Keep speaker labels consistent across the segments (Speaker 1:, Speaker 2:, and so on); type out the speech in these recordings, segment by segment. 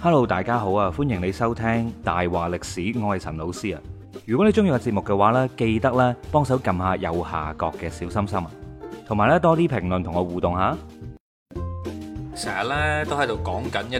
Speaker 1: Hello，大家好啊！歡迎你收聽大話歷史，我係陳老師啊。如果你中意個節目嘅話呢，記得咧幫手撳下右下角嘅小心心啊，同埋咧多啲評論同我互動下。成日咧都喺度講緊一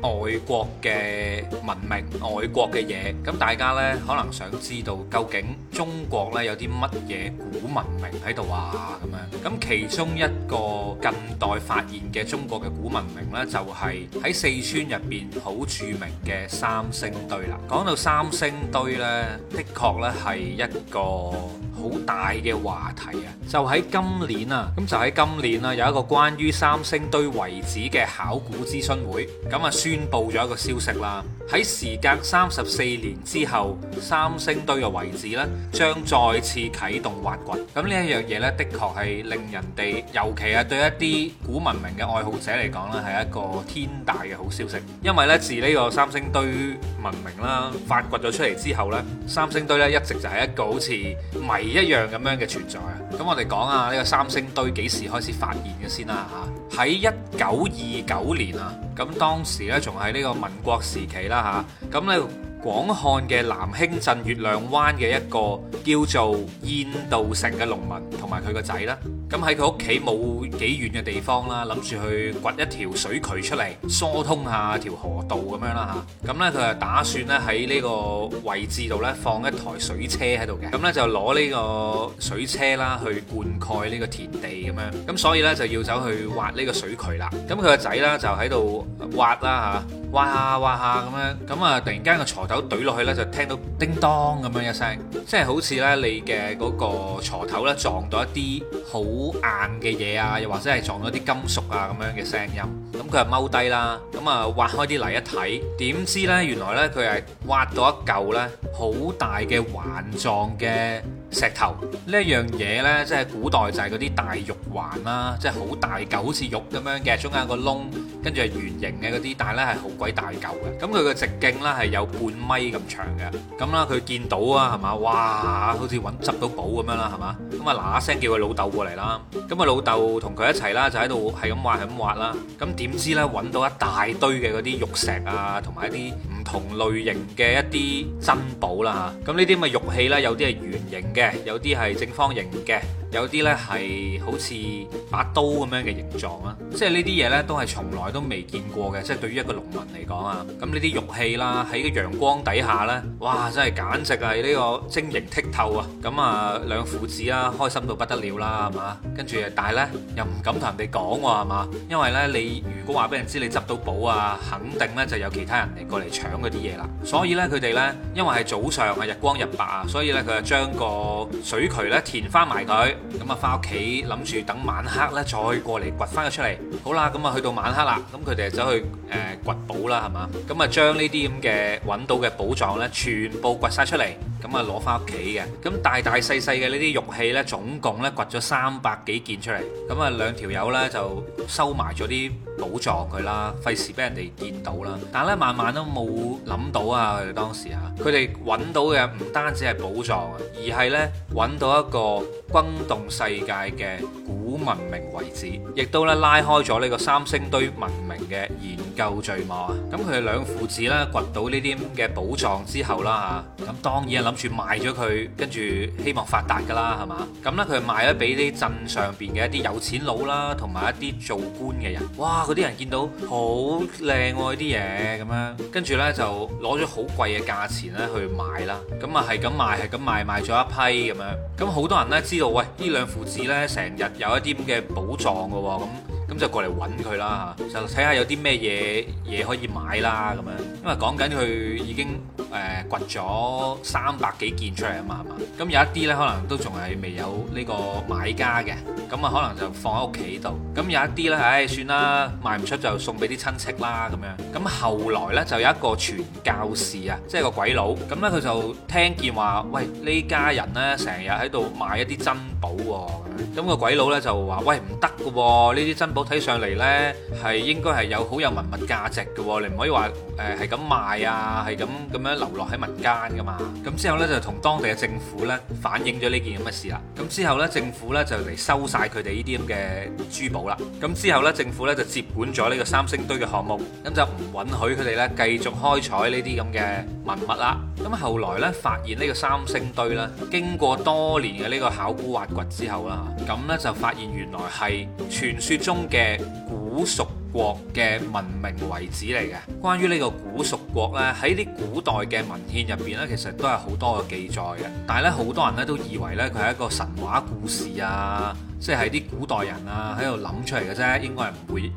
Speaker 1: 啲外國嘅文明、外國嘅嘢，咁大家呢可能想知道究竟中國呢有啲乜嘢古文明喺度啊？咁樣，咁其中一個近代發現嘅中國嘅古文明呢，就係喺四川入邊好著名嘅三星堆啦。講到三星堆呢，的確呢係一個好大嘅話題啊，就喺今年啊，咁就喺今年啦，有一個關於三星堆遺址嘅考古諮詢會，咁啊宣佈咗一個消息啦。喺時隔三十四年之後，三星堆嘅位置咧將再次啟動挖掘。咁呢一樣嘢呢，的確係令人哋，尤其係對一啲古文明嘅愛好者嚟講呢，係一個天大嘅好消息。因為呢，自呢個三星堆文明啦發掘咗出嚟之後呢，三星堆呢一直就係一個好似謎一樣咁樣嘅存在。咁、嗯、我哋講下呢、這個三星堆幾時開始發現嘅先啦？喺一九二九年啊。咁當時咧仲係呢個民國時期啦吓，咁咧。廣漢嘅南興鎮月亮灣嘅一個叫做燕道誠嘅農民，同埋佢個仔啦，咁喺佢屋企冇幾遠嘅地方啦，諗住去掘一條水渠出嚟，疏通下條河道咁樣啦吓。咁呢，佢就打算呢喺呢個位置度呢放一台水車喺度嘅，咁呢，就攞呢個水車啦去灌溉呢個田地咁樣。咁所以呢，就要走去挖呢個水渠啦。咁佢個仔呢，就喺度挖啦吓。挖下挖下咁樣，咁啊突然間個鋤頭懟落去呢，就聽到叮當咁樣一聲，即係好似呢你嘅嗰個鋤頭呢撞到一啲好硬嘅嘢啊，又或者係撞到啲金屬啊咁樣嘅聲音。咁佢係踎低啦，咁啊挖開啲泥一睇，點知呢？原來呢，佢係挖到一嚿呢好大嘅環狀嘅石頭。呢一樣嘢呢，即係古代就係嗰啲大玉環啦，即係好大嚿好似玉咁樣嘅，中間有個窿。跟住係圓形嘅嗰啲，但係咧係好鬼大嚿嘅，咁佢嘅直徑咧係有半米咁長嘅，咁啦佢見到啊係嘛，哇，好似揾執到寶咁樣啦係嘛，咁啊嗱嗱聲叫佢老豆過嚟啦，咁啊老豆同佢一齊啦就喺度係咁挖係咁挖啦，咁點知咧揾到一大堆嘅嗰啲玉石啊，同埋一啲唔同類型嘅一啲珍寶啦嚇，咁呢啲咪玉器啦，有啲係圓形嘅，有啲係正方形嘅。有啲呢係好似把刀咁樣嘅形狀啊，即係呢啲嘢呢，都係從來都未見過嘅，即係對於一個農民嚟講啊，咁呢啲玉器啦，喺個陽光底下呢，哇！真係簡直係呢個晶瑩剔透啊，咁啊兩父子啊，開心到不得了啦，係嘛？跟住但係呢，又唔敢同人哋講喎，係嘛？因為呢，你如果話俾人知你執到寶啊，肯定呢就有其他人嚟過嚟搶嗰啲嘢啦。所以呢，佢哋呢，因為係早上啊日光日白啊，所以呢，佢就將個水渠呢填翻埋佢。咁啊，翻屋企諗住等晚黑呢再過嚟掘翻佢出嚟。好啦，咁啊，去到晚黑啦，咁佢哋走去誒掘寶啦，係嘛？咁啊，將呢啲咁嘅揾到嘅寶藏呢，全部掘晒出嚟。咁啊，攞翻屋企嘅，咁大大細細嘅呢啲玉器咧，總共咧掘咗三百幾件出嚟，咁啊兩條友咧就收埋咗啲寶藏佢啦，費事俾人哋見到啦。但係咧慢慢都冇諗到啊，佢哋當時啊，佢哋揾到嘅唔單止係寶藏啊，而係咧揾到一個轟動世界嘅。古文明遺址，亦都咧拉開咗呢個三星堆文明嘅研究序幕啊！咁佢哋兩父子咧掘到呢啲嘅寶藏之後啦嚇，咁當然係諗住賣咗佢，跟住希望發達噶啦，係嘛？咁咧佢賣咗俾啲鎮上邊嘅一啲有錢佬啦，同埋一啲做官嘅人。哇！嗰啲人見到好靚喎呢啲嘢咁樣，跟住咧就攞咗好貴嘅價錢咧去買啦。咁啊係咁賣係咁賣，賣咗一批咁樣。咁好多人咧知道，喂呢兩父子咧成日有一。啲咁嘅寶藏嘅喎，咁咁就過嚟揾佢啦嚇，就睇下有啲咩嘢嘢可以買。睇啦咁樣，因為講緊佢已經誒掘咗三百幾件出嚟啊嘛，係嘛，咁有一啲咧可能都仲係未有呢個買家嘅，咁啊可能就放喺屋企度，咁有一啲咧，唉、哎、算啦，賣唔出就送俾啲親戚啦咁樣，咁後來咧就有一個傳教士啊，即係個鬼佬，咁咧佢就聽見話，喂，呢家人咧成日喺度賣一啲珍寶，哦，咁、個鬼佬咧就話，喂，唔得噶，呢啲、哦、珍寶睇上嚟咧係應該係有好有文物價值噶、哦，你可以話誒係咁賣啊，係咁咁樣流落喺民間噶嘛。咁之後呢，就同當地嘅政府呢反映咗呢件咁嘅事啦。咁之後呢，政府呢就嚟收晒佢哋呢啲咁嘅珠寶啦。咁之後呢，政府呢就接管咗呢個三星堆嘅項目，咁就唔允許佢哋呢繼續開採呢啲咁嘅文物啦。咁後來呢，發現呢個三星堆呢，經過多年嘅呢個考古挖掘之後啦，咁呢，就發現原來係傳說中嘅古蜀國嘅文明遺址嚟嘅，關於呢個古蜀國咧，喺啲古代嘅文獻入邊咧，其實都係好多嘅記載嘅。但係咧，好多人咧都以為咧佢係一個神話故事啊，即係啲古代人啊喺度諗出嚟嘅啫，應該係唔會誒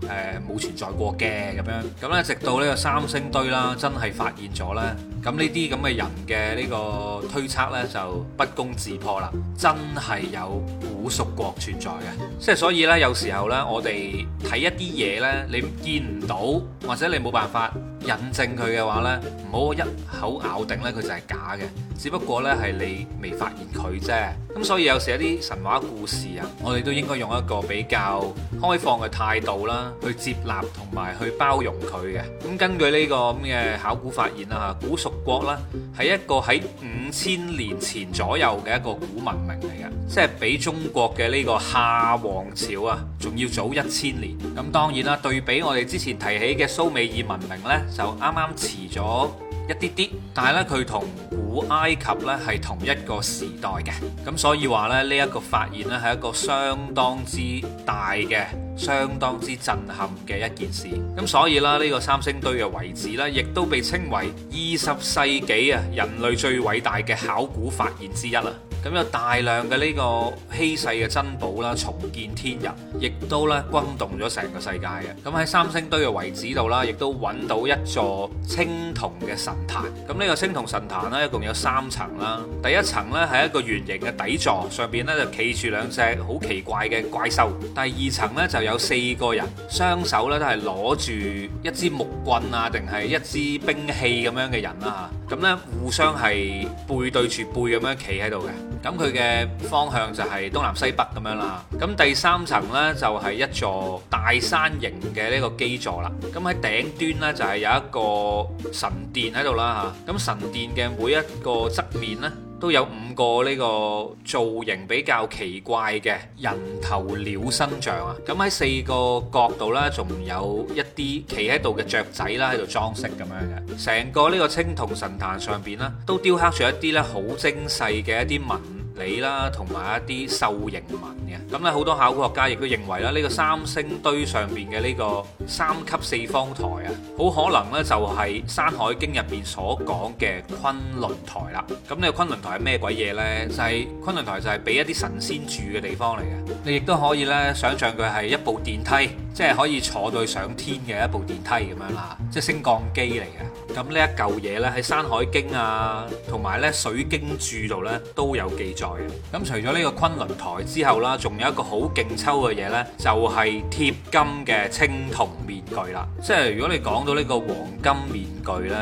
Speaker 1: 冇存在過嘅咁樣。咁咧，直到呢個三星堆啦，真係發現咗咧，咁呢啲咁嘅人嘅呢個推測咧就不攻自破啦，真係有古蜀國存在嘅。即係所以咧，有時候咧，我哋睇一啲嘢咧，你見唔到，或者你冇辦法印證佢嘅話呢，唔好一口咬定呢，佢就係假嘅，只不過呢，係你未發現佢啫。咁所以有時一啲神話故事啊，我哋都應該用一個比較開放嘅態度啦，去接納同埋去包容佢嘅。咁根據呢個咁嘅考古發現啦，古蜀國啦係一個喺千年前左右嘅一個古文明嚟嘅，即係比中國嘅呢個夏王朝啊，仲要早一千年。咁當然啦，對比我哋之前提起嘅蘇美爾文明呢，就啱啱遲咗一啲啲，但係咧佢同古埃及呢係同一個時代嘅，咁所以話呢，呢一個發現呢係一個相當之大嘅，相當之震撼嘅一件事，咁所以啦呢個三星堆嘅遺址呢，亦都被稱為二十世紀啊人類最偉大嘅考古發現之一啦。咁有大量嘅呢個稀世嘅珍寶啦，重見天日，亦都咧轟動咗成個世界嘅。咁喺三星堆嘅遺址度啦，亦都揾到一座青銅嘅神壇。咁、這、呢個青銅神壇咧，一共有三層啦。第一層咧係一個圓形嘅底座，上邊咧就企住兩隻好奇怪嘅怪獸。第二層咧就有四個人，雙手咧都係攞住一支木棍啊，定係一支兵器咁樣嘅人啦嚇。咁咧互相係背對住背咁樣企喺度嘅。咁佢嘅方向就係東南西北咁樣啦。咁第三層呢，就係一座大山形嘅呢個基座啦。咁喺頂端呢，就係有一個神殿喺度啦嚇。咁神殿嘅每一個側面呢，都有五個呢個造型比較奇怪嘅人頭鳥身像啊，咁喺四個角度呢，仲有一啲企喺度嘅雀仔啦喺度裝飾咁樣嘅，成個呢個青銅神壇上邊呢，都雕刻住一啲呢好精細嘅一啲紋。你啦，同埋一啲獸形紋嘅，咁咧好多考古學家亦都認為啦，呢個三星堆上邊嘅呢個三級四方台啊，好可能呢就係《山海經》入邊所講嘅昆崙台啦。咁呢個昆崙台係咩鬼嘢呢？就係昆崙台就係俾一啲神仙住嘅地方嚟嘅。你亦都可以呢想像佢係一部電梯，即係可以坐到上天嘅一部電梯咁樣啦，即係升降機嚟嘅。咁呢一舊嘢咧喺《山海經》啊，同埋咧《水經注》度咧都有記載嘅。嗯，咁除咗呢個昆侖台之後啦，仲有一個好勁抽嘅嘢咧，就係、是、貼金嘅青銅面具啦。即係如果你講到呢個黃金面具。具咧，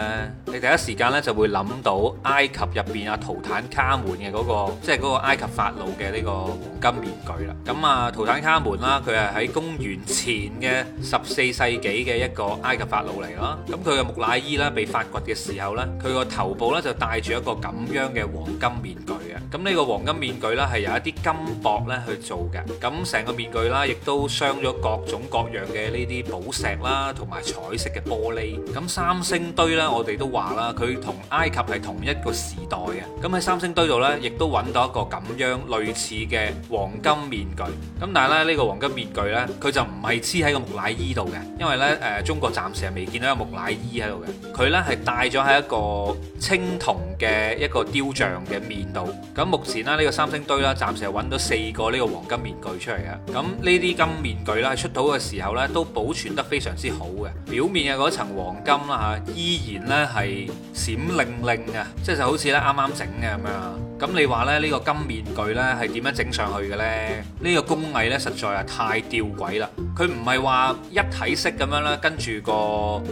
Speaker 1: 你第一時間咧就會諗到埃及入邊阿圖坦卡門嘅嗰個，即係嗰個埃及法老嘅呢個黃金面具啦。咁啊，圖坦卡門啦，佢係喺公元前嘅十四世紀嘅一個埃及法老嚟咯。咁佢嘅木乃伊啦，被發掘嘅時候咧，佢個頭部咧就戴住一個咁樣嘅黃金面具嘅。咁呢個黃金面具啦，係由一啲金箔咧去做嘅。咁成個面具啦，亦都鑲咗各種各樣嘅呢啲寶石啦，同埋彩色嘅玻璃。咁三星。堆咧，我哋都話啦，佢同埃及係同一個時代嘅。咁喺三星堆度呢，亦都揾到一個咁樣類似嘅黃金面具。咁但係咧，呢個黃金面具呢，佢就唔係黐喺個木乃伊度嘅，因為呢，誒、呃，中國暫時係未見到有木乃伊喺度嘅。佢呢係戴咗喺一個青銅嘅一個雕像嘅面度。咁目前呢，呢個三星堆咧，暫時係揾到四個呢個黃金面具出嚟嘅。咁呢啲金面具咧出土嘅時候呢，都保存得非常之好嘅，表面嘅嗰層黃金啦、啊依然咧係閃靈靈啊，即係就好似咧啱啱整嘅咁樣，咁你話咧呢個金面具咧係點樣整上去嘅咧？呢個工藝咧實在係太吊詭啦！佢唔係話一體式咁樣啦，跟住個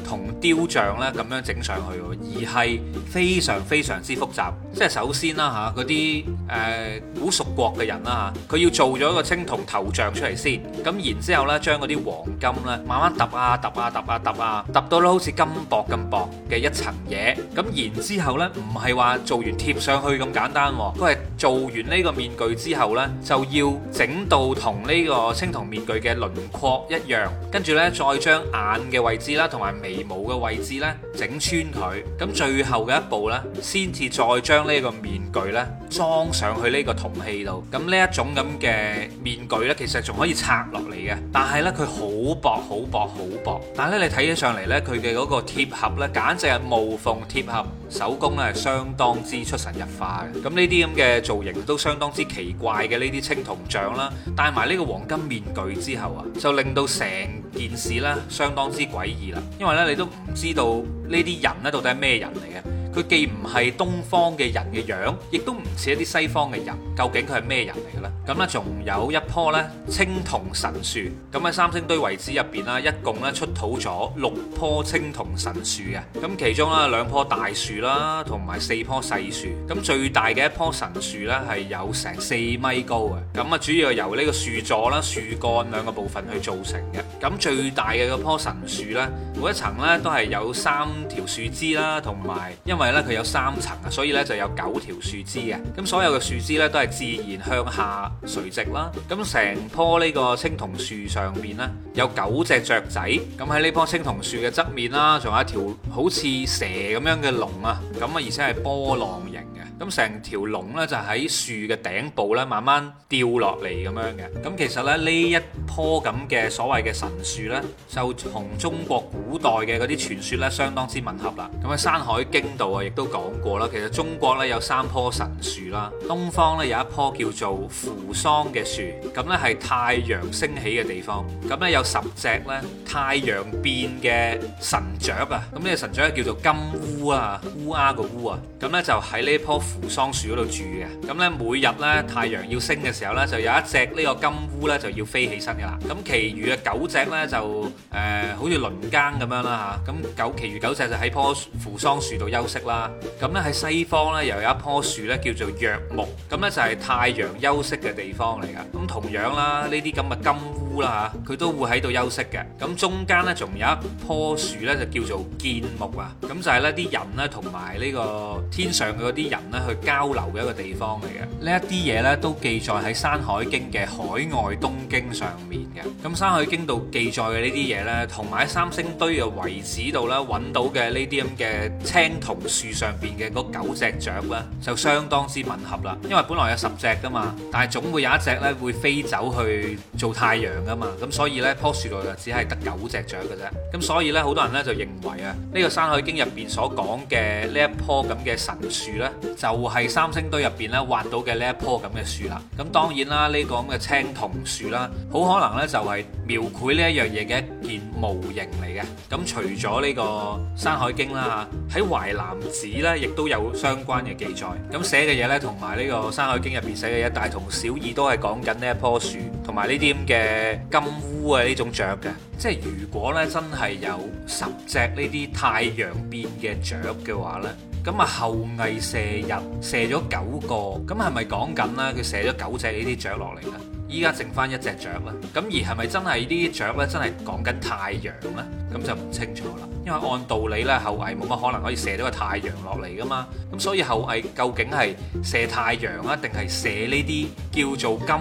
Speaker 1: 銅雕像咧咁樣整上去，而係非常非常之複雜，即係首先啦吓啲誒古蜀國嘅人啦嚇，佢要做咗一個青銅頭像出嚟先，咁然之後咧將啲黃金咧慢慢揼啊揼啊揼啊揼啊揼到咧好似金箔咁薄。嘅一層嘢，咁然之後咧，唔係話做完貼上去咁簡單，佢係做完呢個面具之後咧，就要整到同呢個青銅面具嘅輪廓一樣，跟住咧再將眼嘅位置啦，同埋眉毛嘅位置咧整穿佢，咁最後嘅一步咧，先至再將呢個面具咧裝上去呢個銅器度。咁呢一種咁嘅面具咧，其實仲可以拆落嚟嘅，但係咧佢好薄，好薄，好薄，但係咧你睇起上嚟咧，佢嘅嗰個貼合咧。簡直係無縫貼合，手工咧係相當之出神入化嘅。咁呢啲咁嘅造型都相當之奇怪嘅，呢啲青銅像啦，戴埋呢個黃金面具之後啊，就令到成件事咧相當之詭異啦。因為呢，你都唔知道呢啲人呢到底係咩人嚟嘅。佢既唔係東方嘅人嘅樣，亦都唔似一啲西方嘅人。究竟佢係咩人嚟嘅咧？咁咧仲有一棵咧青銅神樹，咁喺三星堆遺址入邊啦，一共咧出土咗六棵青銅神樹嘅。咁其中啦兩棵大樹啦，同埋四棵細樹，咁最大嘅一棵神樹咧係有成四米高嘅。咁啊主要係由呢個樹座啦、樹幹兩個部分去造成嘅。咁最大嘅嗰棵神樹咧，每一層咧都係有三條樹枝啦，同埋因為。咧佢有三層啊，所以咧就有九條樹枝嘅。咁所有嘅樹枝咧都係自然向下垂直啦。咁成棵呢個青銅樹上面咧有九隻雀仔。咁喺呢棵青銅樹嘅側面啦，仲有一條好似蛇咁樣嘅龍啊。咁啊，而且係波浪形嘅。咁成條龍咧就喺、是、樹嘅頂部咧，慢慢掉落嚟咁樣嘅。咁其實咧呢一棵咁嘅所謂嘅神樹咧，就同中國古代嘅嗰啲傳說咧相當之吻合啦。咁喺《山海經》度啊亦都講過啦，其實中國咧有三棵神樹啦。東方咧有一棵叫做扶桑嘅樹，咁咧係太陽升起嘅地方。咁咧有十隻咧太陽變嘅神雀啊，咁呢個神雀咧叫做金烏啊，烏鴉、啊、個烏啊。咁咧就喺呢棵。扶桑樹嗰度住嘅，咁呢，每日呢，太陽要升嘅時候呢，就有一隻呢個金烏呢，就要飛起身嘅啦。咁其餘嘅九隻呢，就誒、呃、好似輪更咁樣啦嚇。咁、啊、九其餘九隻就喺棵扶桑樹度休息啦。咁、啊、呢，喺、啊、西方呢，又有一棵樹呢，叫做若木，咁、啊、呢、啊，就係、是、太陽休息嘅地方嚟噶。咁、啊、同樣啦，呢啲咁嘅金烏啦嚇，佢、啊、都會喺度休息嘅。咁、啊、中間呢，仲有一棵樹呢，就叫做建木啊。咁、啊、就係呢啲人呢，同埋呢個天上嘅嗰啲人咧。去交流嘅一個地方嚟嘅，呢一啲嘢咧都記載喺《山海經》嘅海外東經上面嘅。咁《山海經》度記載嘅呢啲嘢咧，同埋喺三星堆嘅遺址度咧揾到嘅呢啲咁嘅青銅樹上邊嘅嗰九隻雀咧，就相當之吻合啦。因為本來有十隻噶嘛，但係總會有一隻咧會飛走去做太陽噶嘛，咁所以咧樖樹度就只係得九隻雀嘅啫。咁所以咧好多人咧就認為啊，呢個《山海經》入邊所講嘅呢一棵咁嘅神樹咧就。就係三星堆入邊咧挖到嘅呢一棵咁嘅樹啦。咁當然啦，呢個咁嘅青銅樹啦，好可能呢就係描繪呢一樣嘢嘅一件模型嚟嘅。咁除咗呢個《山海經》啦，喺淮南子呢亦都有相關嘅記載。咁寫嘅嘢呢，同埋呢個《山海經》入邊寫嘅嘢，大同小異，都係講緊呢一棵樹，同埋呢啲咁嘅金烏啊呢種雀嘅。即係如果呢真係有十隻呢啲太陽變嘅雀嘅話呢。咁啊，後羿射日射咗九個，咁係咪講緊咧？佢射咗九隻呢啲雀落嚟咧？依家剩翻一隻雀啦，咁而係咪真係啲雀咧，真係講緊太陽咧？咁就唔清楚啦。因為按道理呢，後羿冇乜可能可以射到個太陽落嚟噶嘛。咁所以後羿究竟係射太陽啊，定係射呢啲叫做金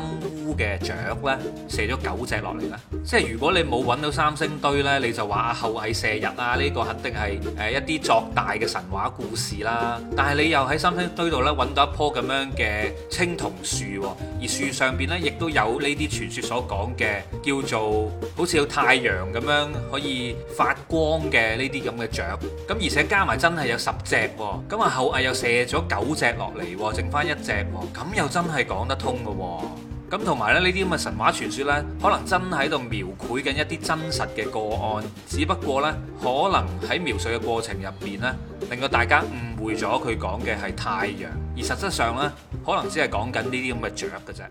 Speaker 1: 烏嘅雀呢？射咗九隻落嚟咧。即係如果你冇揾到三星堆呢，你就話阿後羿射日啊，呢個肯定係誒一啲作大嘅神話故事啦。但係你又喺三星堆度咧揾到一棵咁樣嘅青銅樹，而樹上邊呢，亦都有。有呢啲傳説所講嘅叫做好似有太陽咁樣可以發光嘅呢啲咁嘅雀，咁而且加埋真係有十隻喎，咁啊後羿又射咗九隻落嚟，剩翻一隻，咁、啊、又真係講得通嘅。咁同埋咧呢啲咁嘅神話傳説呢，可能真喺度描繪緊一啲真實嘅個案，只不過呢，可能喺描述嘅過程入邊呢，令到大家誤會咗佢講嘅係太陽，而實質上呢，可能只係講緊呢啲咁嘅雀嘅啫。